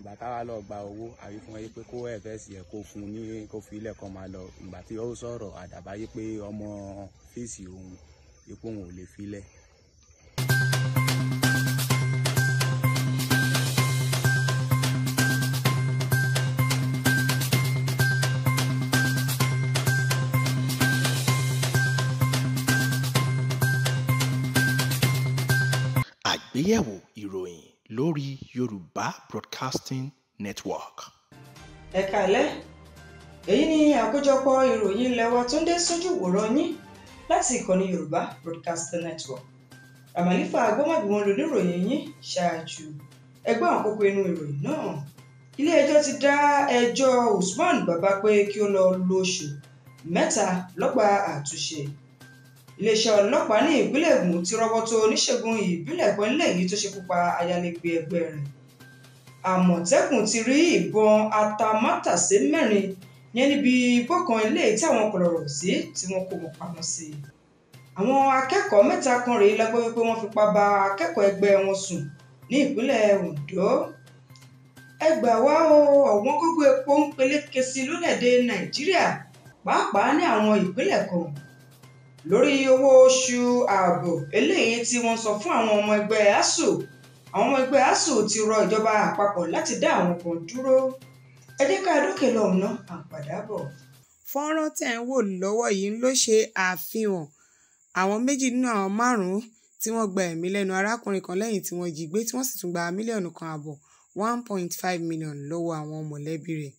ìgbà táwa lọ gba owó àbí fún ẹ pé kó fs yẹ kó fún ní kó fi ilẹ̀ kan máa lọ ìgbà tí ó sọ̀rọ̀ àdàbà yí pé ọmọ fèsì òun ipò òun ò lè filẹ̀. àgbéyẹ̀wò ìròyìn lórí Yorùbá Broadcasting Network. ẹ kàlẹ́ èyí ni àkójọpọ̀ ìròyìn ilé wa tó ń dé sójú wòrán yín láti ìkànnì Yorùbá Broadcasting Network àmàlífà agbọ́mọ̀gbọ̀n lóníròyìn yín ṣáájú ẹgbẹ́ àwọn kókó inú ìròyìn náà ilé-ẹjọ́ ti dá ẹjọ́ Usman bàbá pé kí ó lọ lóṣù mẹ́ta lọ́gbà àtúnṣe iléeṣẹ́ ọlọ́pàá ní ìpínlẹ̀ Ògùn ti rọ́wọ́ tó oníṣègùn ìbílẹ̀ kan lẹ́yìn tó ṣekúpa ayálégbé ẹgbẹ́ rẹ̀ Àmọ̀tẹ́kùn ti rí ìbọn atamátàsé mẹ́rin yẹn níbi igbó kan ilé tí àwọn kọ̀rọ̀rọ̀ sí tí wọ́n kó wọn pamọ́ sí i àwọn akẹ́kọ̀ọ́ mẹ́ta kan rèé la gbọ́ wípé wọ́n fipá bá akẹ́kọ̀ọ́ ẹgbẹ́ wọn sùn ní ìpínlẹ̀ Ondo ẹ gbà wá o ọ̀wọ́n gógó epo ń peléke sí lórílẹ̀‐èdè Nàìjíríà pàápàá ní àwọn ìpínlẹ̀ kan lórí owó oṣù ààbò eléyìí tí wọ́n sọ fún àwọn ọmọ ẹgbẹ́ asuu àwọn ọmọ ẹgbẹ́ asuu ti rọ ìjọba àpapọ̀ láti dá àwọn kan dúró ẹ jẹ́ ká dókè lọ́hùn náà àpàdábọ̀. fọ́nrán tẹ̀ ń wò lọ́wọ́ yìí ló ṣe àfihàn àwọn méjì nínú àwọn márùn-ún tí wọ́n gba ẹ̀mí lẹ́nu arákùnrin kan lẹ́yìn tí wọ́n jí gbé tí wọ́n sì tún gba mílíọ̀nù kan àbọ̀ one point five million lọ́wọ́ àwọn mọ̀lẹ́bí rẹ̀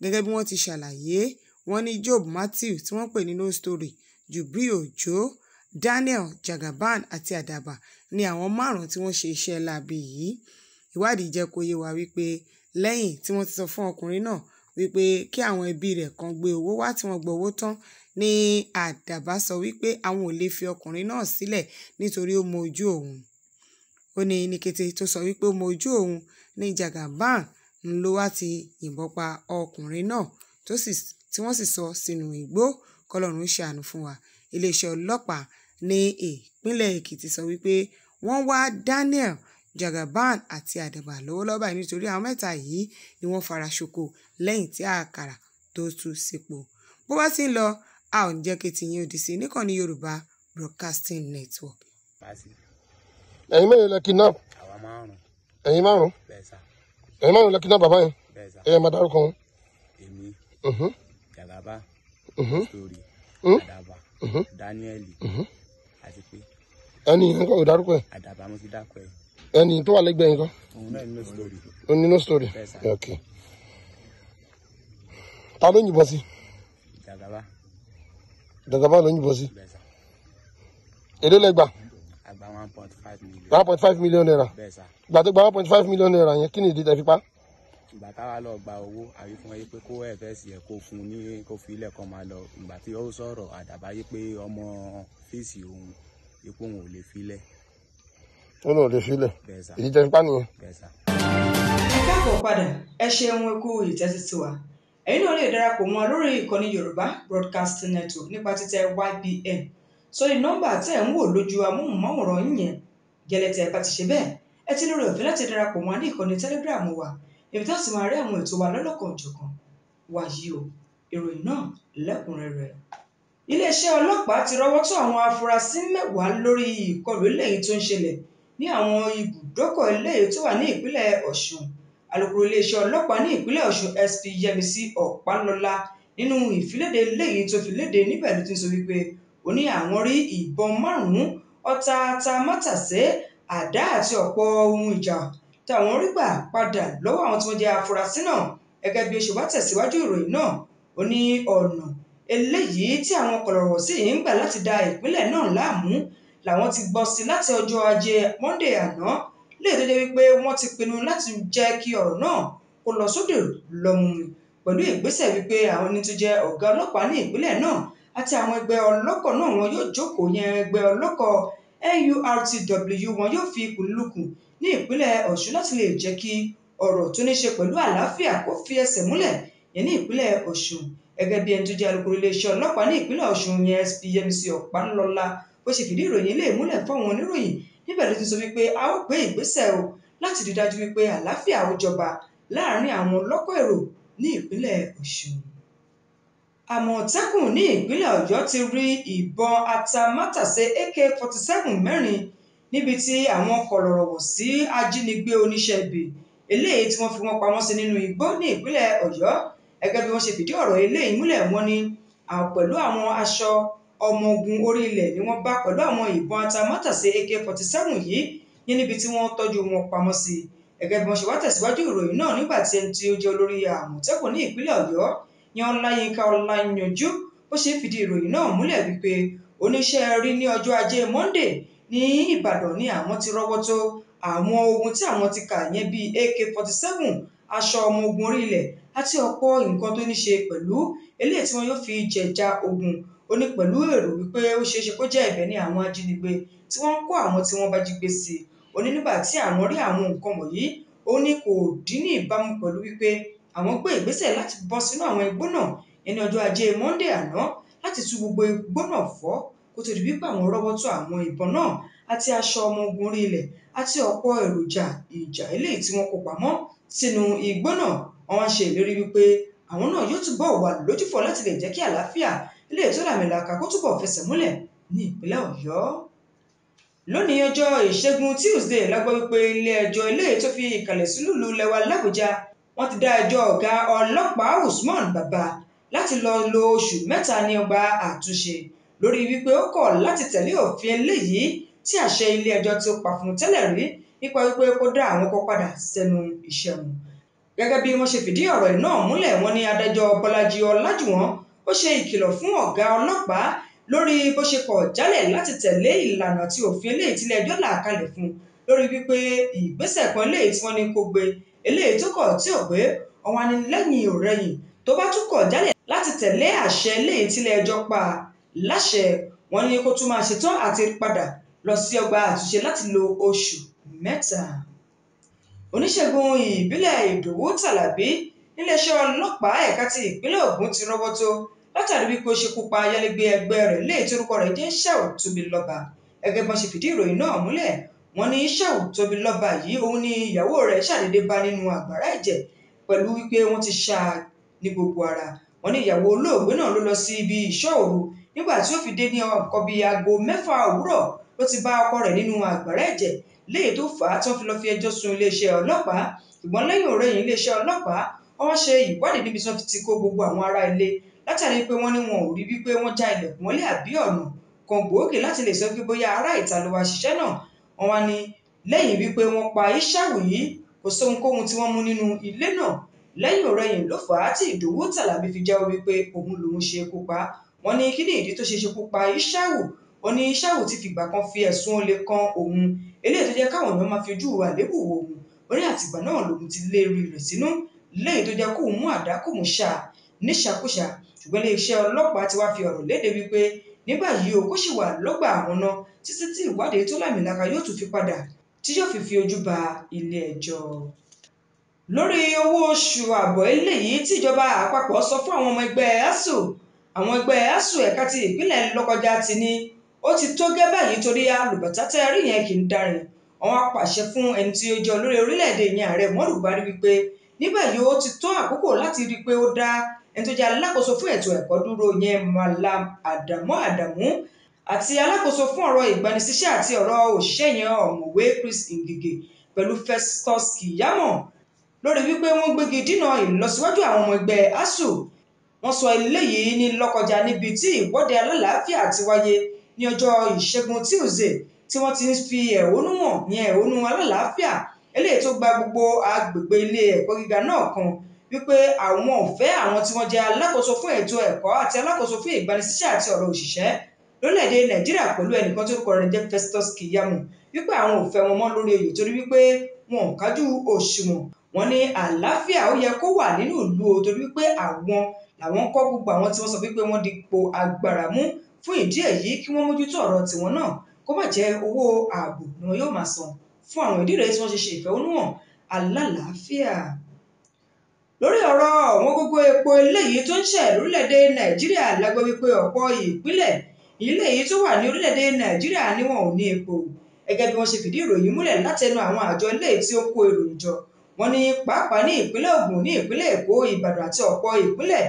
gẹ́gẹ́ bí wọ́n ti ṣàlàyé wọ́n ní Job Matthew tí wọ́n pè ní no story Jùbírì Òjó, Daniel Jagaban àti adaba ni àwọn márùn-ún tí wọ́n ṣe iṣẹ́ láabi yìí. Ìwádìí jẹ́ kó yé wa wípé lẹ́yìn tí wọ́n ti sọ fún ọkùnrin náà wípé kí àwọn ẹbí rẹ̀ kan gbé owó wá tí wọ́n gbowó tán ni Àdàbà sọ wípé àwọn ò lè fi ọkùnrin náà sílẹ̀ nítorí ó mọ ojú òun. Ó ní ní kété tó sọ wípé ó mọ ojú òun ni Jagaban ń wá ti yìnbọn pa ọkùnrin náà tí wọ́n sì sọ sínú igbó kọ́lọ́run ó ṣàánú fún wa iléeṣẹ́ ọlọ́pàá ní ìpínlẹ̀ Èkìtì sọ wípé wọ́n wá Daniel Jagaban àti Adeba lọ́wọ́lọ́wọ́ báyìí nítorí àwọn mẹ́ta yìí ni wọ́n fara ṣoko lẹ́yìn tí àkàrà tó tú sípò bó bá ti ń lọ a ò ní jẹ́ kí tiyín òdì sí níkànnì Yorùbá Broadcasting Network. ẹ̀yin mẹ́rin lẹ kidnap ẹ̀yin márùn-ún márùn-ún lẹ bàbá yẹn ẹ̀yin máa dárúkọ wọn story àdàbà daniel àti pé. ẹni yẹn kọ́ ò dárúkọ ẹ̀. mo ti dákọ ẹ̀. ẹni tó wà lẹ́gbẹ̀ẹ́ yín kọ́. òun náà ní no story. òun ní no story ok. ta ló yìnbọn sí. jagaba. jagaba ló yìnbọn sí. èdè lẹ́gbàá àgbà one point five million. one point five million naira. gbàdégbà one point five million naira yẹn kí ni ìdí tẹ́ fi pa ìgbà táwa lọ gba owó àyè fún ẹ pé kó fs yẹ kó fún un ní kó fi ilẹ̀ kan máa lọ ìgbà tí ó sọ̀rọ̀ àdàbà yí pé ọmọ fíìsì òun ipò òun ò lè filẹ̀. ó lọ lè filẹ̀ èyí jẹ́ nípa nìyẹn. ìkẹ́kọ̀ọ́ padà ẹ ṣeun ikú ìtẹ́sí tiwa ẹ̀yin náà lè darapọ̀ mọ́ lórí ìkànnì Yorùbá Broadcasting Network nípa títẹ̀ YBN sórí nọ́mbà tẹ̀ ń wò lójú amóhùnmáwòrán yìnyẹn gẹ́lẹ́ tẹ́ bá ti ṣe bẹ́ẹ̀ ẹ ti lórí ọ̀fẹ́ láti darapọ̀ mọ́ ní ìkànnì Telegram wa ibi tí wọ́n sì máa rí àwọn ètò wa lọ́lọ́kan òjọ̀kan wàyí o ìròyìn náà lẹ́kùnrẹ́rẹ́ iléeṣẹ́ ọlọ́pàá ti rọ́wọ́ tó àwọn afurasí mẹ́wàá lórí ìkọlù eléyìí tó ń ṣẹlẹ̀ ní àwọn ibùdókọ̀ eléyìí tó wà ní ìpínlẹ̀ ọ̀ṣun alukoro iléeṣẹ́ ọlọ́pàá ní ìpínlẹ̀ ọ̀ṣun sp yẹmísí ọ̀pálọ́lá nínú ìfiléde eléyìí tó fi léde níbẹ̀ ló ti sọ wípé ó ní àwọn rí ìbọn márùn-ún ọta ta mátàsé àdá àti ọ̀pọ̀ ohun ìjà táwọn rí gbà padà lọ́wọ́ àwọn tí wọ́n jẹ́ afurasí náà gẹ́gẹ́ bí oṣù bá tẹ̀síwájú ìròyìn náà ó ní ọ̀nà eléyìí tí àwọn kọ̀lọ̀rọ̀ sì ń gbà láti da ìpínlẹ̀ náà láàmú làwọn ti gbọ́ sí láti ọjọ́ ajé Monday àná léèdè e jẹ́ wípé wọ́n ti pinnu láti jẹ́ kí ọ̀rọ̀ náà kó lọ sódò lọ́mú pẹ̀lú ìgbésẹ̀ wípé àwọn ẹni tó jẹ́ ọ̀gá ọlọ́pàá ní ìpínlẹ̀ náà àti àwọn ẹgbẹ́ ọlọ́kọ̀ náà wọn yóò jókòó yẹn ẹgbẹ́ ọlọ́kọ̀ NURTW wọn yóò fi ikùn ní ìpínlẹ̀ ọ̀ṣun láti lè jẹ́ kí ọ̀rọ̀ tó ní ṣe pẹ̀lú àlàáfíà kó fi ẹsẹ̀ múlẹ̀ yẹn ní ìpínlẹ̀ ọ̀ṣun gẹ́gẹ́ bí ẹni tó jẹ́ alukoro iléeṣẹ́ ọlọ́pàá ní ìpínlẹ̀ ọ̀ṣun yẹn sp yẹmísì ọ̀pánlọ́lá bó ṣe fìdí ìròyìn ilé ìmúlẹ̀ fáwọn oníròyìn níbẹ̀ ló ti sọ wípé a ó gbé ìgbésẹ̀ o láti rí dájú wípé àlàáfíà ó jọba láàárín àwọn lọ́kọ̀ èrò ní ìpínlẹ̀ ọ̀ṣun àmọ̀tẹ́kùn ní ìpínlẹ̀ ọ̀yọ́ ti rí ìbọn atamátàsé ak forty seven mẹ́rin níbi tí àwọn kọ̀lọ̀rọ̀wọ̀ sí ajínigbé oníṣẹ́ ibi eléyìí tí wọ́n fi wọ́n pamọ́ sí nínú igbó ní ìpínlẹ̀ ọ̀yọ́ gẹ́gẹ́ bí wọ́n ṣe fìdí ọ̀rọ̀ eléyìí múlẹ̀ wọ́n ní pẹ̀lú àwọn aṣọ ọmọ ogun orí ilẹ̀ ni wọ́n bá pẹ̀lú àwọn ìbọn atamátàsé AK-47 yìí ní níbi tí wọ́n tọ́jú wọn pamọ́ sí gẹ́gẹ́ bí wọ́n ṣe wá tẹ̀síwájú ìròyìn náà nígbà tí ẹni tí ó jẹ́ olórí àmọ̀tẹ́kùn ní ìpínlẹ̀ ọ̀yọ́ yan ọláyínká ọláyanjú ó ṣe fìdí ìròyìn náà múlẹ̀ wípé oníṣẹ́ rí ní ọjọ́ ajé monday ní ìbàdàn ni àwọn ti rọ́wọ́ tó àwọn ogun tí àwọn ti kà yẹn bíi ak forty seven aṣọ ọmọ ogun orí ilẹ̀ àti ọ̀pọ̀ nǹkan tó ní ṣe pẹ̀lú eléyìí tí wọn yóò fi jẹ̀jà ogun ó ní pẹ̀lú èrò wípé ó ṣeé ṣe kó jẹ́ ẹ̀bẹ̀ ní àwọn ajínigbé tí wọ́n ń kó àwọn tí wọ́n bá jí gbé sí ó ní nígbà tí àwọn rí àwọn nǹkan wọ̀nyí ó ní kò dín ní ìbámu pẹ̀lú wípé àwọn gbé ìgbésẹ̀ láti bọ́ sínú àwọn igbó náà ní ọjọ́ ajé monde àná láti tú gbogbo igbó náà fọ́ kó tó di wípé àwọn rọ́wọ́ tó àwọn ìbọn náà àti aṣọ ọmọ ogun orí ilẹ̀ àti ọ̀pọ̀ èròjà ìjà eléyìí tí wọ́n kó pamọ́ sínú igbó náà wọ́n ṣe ìlérí wípé àwọn náà yóò túbọ̀ wà lójúfọ̀ láti lè jẹ́ kí àlàáfíà eléyìí tó làmìlàkà kó túbọ̀ fẹsẹ̀ múlẹ̀ ní ìpínlẹ̀ ọ̀yọ́ lónìí ọjọ́ ìṣẹ́gun tuesday la wípé ilé ẹjọ́ eléyìí tó fi ìkàlẹ̀ sílùú lẹ́wà làbújá wọ́n ti dá ẹjọ́ ọ̀gá ọlọ́pàá usman bàbá láti lọ lo oṣù mẹ́ta ní ọgbà àtúnṣe lórí wípé ó kọ̀ láti tẹ̀lé òfin eléyìí tí àṣẹ ilé ẹjọ́ tí pa fún un tẹ́lẹ̀ rí nípa wípé kó dá àwọn kan padà sẹ́nu iṣẹ́ wọn. gẹ́gẹ́ bí wọ́n ṣe fìdí ọ̀rọ̀ náà múlẹ̀ wọ́n ní adájọ́ bọ́lájí ọlájúwọ̀n ó ṣe ìkìlọ̀ fún ọ̀gá ọlọ́pàá lórí bó ṣe kọ̀ jálẹ̀ láti tẹ̀lé ìlànà tí òfin eléyìí tí ilé ẹjọ́ là kalẹ̀ fún un lórí wípé ìgbésẹ̀ kan eléyìí tí wọ́n ní kó gbé eléyìí tó kọ̀ tí ò gbé ọ̀wọ́n ò rẹ̀yìn tó bá tún kọ̀ jálẹ̀ láti tẹ̀lé àṣẹ eléyìí tí ẹjọ́ pa láṣẹ wọn ní kó tún máa ṣetán àti padà lọ sí ọgbà àtúnṣe láti lo oṣù mẹ́ta oníṣègùn ìbílẹ̀ ìdòwú tàlàbí níléeṣẹ́ ọlọ́pàá ẹ̀ka ti ìpínlẹ̀ Ògùn ti rọ́wọ́ tó látàrí wípé ó ṣekú pa ayálégbé ẹgbẹ́ rẹ̀ léyìí tí orúkọ rẹ̀ jẹ́ Shehu Tóbilọ́ba gẹ́gẹ́ bí wọ́n ṣe fìdí ìròyìn náà múlẹ̀ wọ́n ní Shehu Tóbilọ́ba yìí òun ni ìyàwó rẹ̀ ṣàdédé bá nínú àgbàrá ẹ̀jẹ̀ pẹ̀lú wípé wọ́n ti ṣá ní gbogbo ara wọ́n ní ìyàwó olóògbé náà ló lọ sí ibi ìṣọ́ òru nígbà tí ó fi dé ní nǹkan bíi aago mẹ́fà òwúrọ̀ ló ti bá ọkọ rẹ̀ nínú àgbàrá ẹ̀jẹ̀ léyìí tó fà á tó fi lọ fi ẹjọ́ sun iléeṣẹ́ ọlọ́pàá ṣùgbọ́n lẹ́yìn òrẹ́yìn iléeṣẹ́ ọlọ́pàá wọ́n ṣe ìwádìí níbi tí wọ́n ti kó gbogbo àwọn ará ilé látàrí pé wọ́n ní wọn ò rí wípé wọ́n já ilẹ̀kùn mọ́lé àbí ọ̀nà kan gbòógì láti lè sọ pé bóyá ará ìta ló wá ṣiṣẹ́ náà wọ́n wá ní lẹ́yìn wípé wọ́n pa Ìṣàwù yìí kò sóhunkóhun tí wọ́n mú nínú ilé náà lẹ́yìn òrẹ́yìn ló fà á tí Ìdòwú Tàlàbí fi jẹ́wọ́ wípé òun lòun ṣe kópa wọ́n ní kí ni ìdí tó ṣe ṣekú pa Ishaku ó ní Ishaku ti fìgbà kan fi ẹ̀sùn olè kan òun eléyìí tó jẹ́ káwọn èèyàn máa fi ojú àléébù wò òun ó ní àtìgbà náà lòun ti lé rí rẹ̀ sínú léyìí tó jẹ́ kóun mú àdá kóun ṣá níṣàkóṣà ṣùgbọ́n iléeṣẹ́ ọlọ́pàá ti wá fi ọ̀rọ̀ léde wípé ní báyìí o kó sì wà lọ́gbà àwọn náà títí tí ìwádìí tó lámìlaka yóò tún fi padà tí yóò fi fi ojú ba ilé ẹjọ́ lórí owó oṣù àbọ̀ eléyìí tíjọba àpapọ̀ sọ fún àwọn ọmọ ẹgbẹ́ ASUU àwọn ẹgbẹ́ asuu ẹ̀ka ti ìpínlẹ̀ lọ́kọjá ti ní ó ti tó gẹ́ báyìí torí alùbọ́tà tẹ́ rí yẹn kì í darin àwọn apàṣẹ fún ẹni tí ó jẹ́ olórí orílẹ̀-èdè yẹn ààrẹ Muhammadu Buhari wípé níbẹ̀ yìí ó ti tó àkókò láti rí i pé ó dá ẹni tó jẹ́ alákòóso fún ètò ẹ̀kọ́ dúró yẹn Malam Adamu Adamu àti alákòóso fún ọ̀rọ̀ ìgbanisíṣẹ́ àti ọ̀rọ̀ òṣìṣẹ́ yẹn ọ̀mọ̀wé Chris Ngige pẹ̀lú Festus Kiyamo lórí wípé wọ́n gbégi dínà ìlọsíwájú àwọn ọmọ ẹgbẹ́ ASUU wọ́n sọ eléyìí ní lọ́kọjá níbi tí ìwọ́de alálàáfíà ti wáyé ní ọjọ́ ìṣẹ́gun tuesday tí wọ́n ti ń fi ẹ̀hónú hàn ní ẹ̀hónú alálàáfíà eléyìí tó gba gbogbo agbègbè ilé ẹ̀kọ́ gíga náà kan wípé àwọn ò àwọn tí wọ́n jẹ́ alákòóso fún ètò ẹ̀kọ́ àti alákòóso fún ìgbanisíṣẹ́ àti ọ̀rọ̀ òṣìṣẹ́ lórílẹ̀ nàìjíríà pẹ̀lú ẹnìkan tó kọ rẹ̀ jẹ́ Festus Keyamo wípé àwọn ò fẹ́ wọn mọ́ lórí oyè torí wípé wọn ò kájú òṣùwọ̀n wọ́n ní àlàáfíà ó yẹ kó wà nínú ìlú o torí wípé àwọn làwọn kọ́ gbogbo àwọn tí wọ́n sọ wípé wọ́n dipò agbára mú fún ìdí èyí kí wọ́n mójútó ọ̀rọ̀ tiwọn náà kó má jẹ́ owó ààbò ni wọn yóò máa san fún àwọn ìdí rèé tí wọ́n ṣe ṣe ìfẹ̀hónúhàn alálàáfíà lórí ọ̀rọ̀ ọ̀wọ́n gógó epo eléyìí tó ń ṣẹ̀ lórílẹ̀‐èdè nàìjíríà la gbọ́ wípé ọ̀pọ̀ ìpínlẹ̀ eléyìí tó wà ní orílẹ̀‐èdè nàìjíríà ni wọn ò ní epo gẹ́gẹ́ bí wọ́n ṣe fìdí ìròyìn múlẹ̀ látẹnu àwọn àjọ eléyìí tí ó kó èrò jọ wọ́n ní pàápàá ní ìpínlẹ̀ Ògùn ní ìpínlẹ̀ Èkó Ìbàdàn àti ọ̀pọ̀ ìpínlẹ̀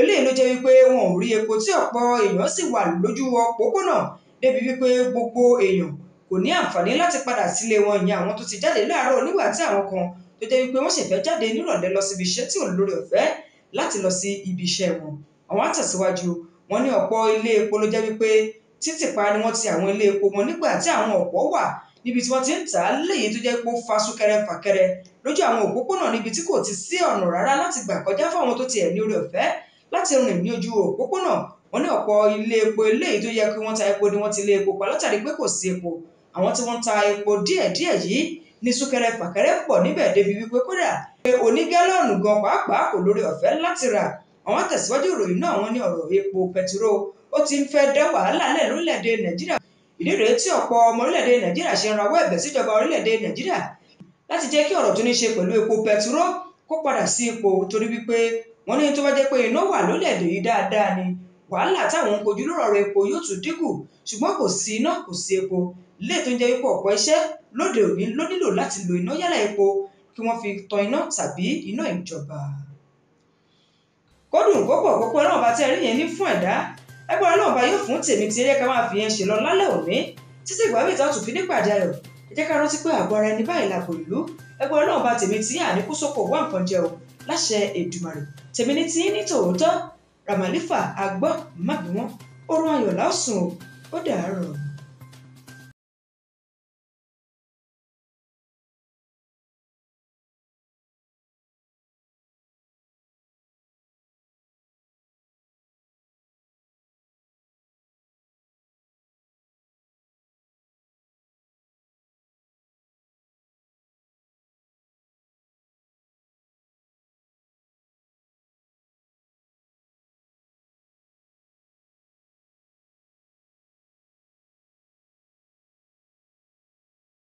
eléyìí ló jẹ́ wípé wọn ò rí epo tí ọ̀pọ̀ èèyàn sì wà lójú òpópónà débi wípé gbogbo èèyàn kò ní àǹfààní láti padà sílé wọn ìyẹn àwọn tó ti jáde láàárọ̀ nígbà tí àwọn kan tó jẹ́ wípé wọ́n sì fẹ́ jáde nírọ̀lẹ́ lọ síbi iṣẹ́ tí ò ọ̀fẹ́ láti lọ sí ibi iṣẹ́ wọn àwọn àtẹ̀síwájú wọn ní ọ̀pọ̀ ilé epo ló jẹ́ wípé títìpa ni wọ́n ti àwọn ilé epo wọn nígbà tí àwọn ọ̀pọ̀ wà níbi tí wọ́n ti ń tà á léyìí tó jẹ́ pé ó fa súnkẹrẹ fàkẹrẹ lójú àwọn òpópónà níbi tí kò ti sí ọ̀nà rárá láti gbà kọjá fáwọn tó tiẹ̀ ní orí ọ̀fẹ́ láti rìn ní ojú òpópónà wọn ní ọ̀pọ̀ ilé epo eléyìí tó yẹ kí wọ́n ta epo ni wọ́n ti lé epo pa látàrí pé kò sí epo àwọn tí wọ́n ta epo díẹ̀díẹ̀ yìí ní súnkẹrẹ fàkẹrẹ pọ̀ níbẹ̀ débi wípé kódà pé onígálọ́ọ̀nù gan pàápàá kò lórí ọ̀fẹ́ láti rà àwọn tẹ̀síwájú ìròyìn náà wọ́n ní ọ̀rọ̀ epo pẹtiró ó ti ń fẹ́ dá wàhálà lẹ̀ lórílẹ̀‐èdè nàìjíríà ìdí rèé tí ọ̀pọ̀ ọmọ orílẹ̀‐èdè nàìjíríà ṣe ń rawọ́ ẹ̀bẹ̀ síjọba orílẹ̀‐èdè nàìjíríà láti jẹ́ kí ọ̀rọ̀ tó ní ṣe pẹ̀lú epo pẹtiró kó padà sí ipò torí wípé wọ́n ní tó bá jẹ́ pé iná wà lórílẹ̀‐èdè yìí dáadáa ni wàhálà táwọn ń kojú lọ́rọ̀ epo yóò tún dínkù ṣùgbọ́n kò sí iná kò sí epo lè tó ń jẹ́ wípé ọ̀pọ̀ iṣẹ́ lóde òní ló nílò láti lo iná yálà epo kí wọ́n fi tan iná tàbí iná ìjọba. kódùn kópọ̀ kópọ̀ ọlọ́run bá tẹ́ rí yẹn ní fún ẹ̀dá ẹgbẹ́ ọlọ́run bá yóò fún tèmi tí ẹ̀yẹ́ ká máa fi yẹn ṣe lọ lálẹ́ òní títí ìgbà mìíràn tó fi nípàdé ayọ̀ jẹ́ ká rántí pé àgọ́ ara ẹni báyìí làbò ìlú ẹgbẹ́ ọlọ́run bá tèmi tí àníkú sóko wá nǹkan jẹ o láṣẹ Èdùmàrè tèmi ní tí ní tòótọ́ Ramalifa agbọ́n má bí ayọ̀ lásùn ó dàárọ̀.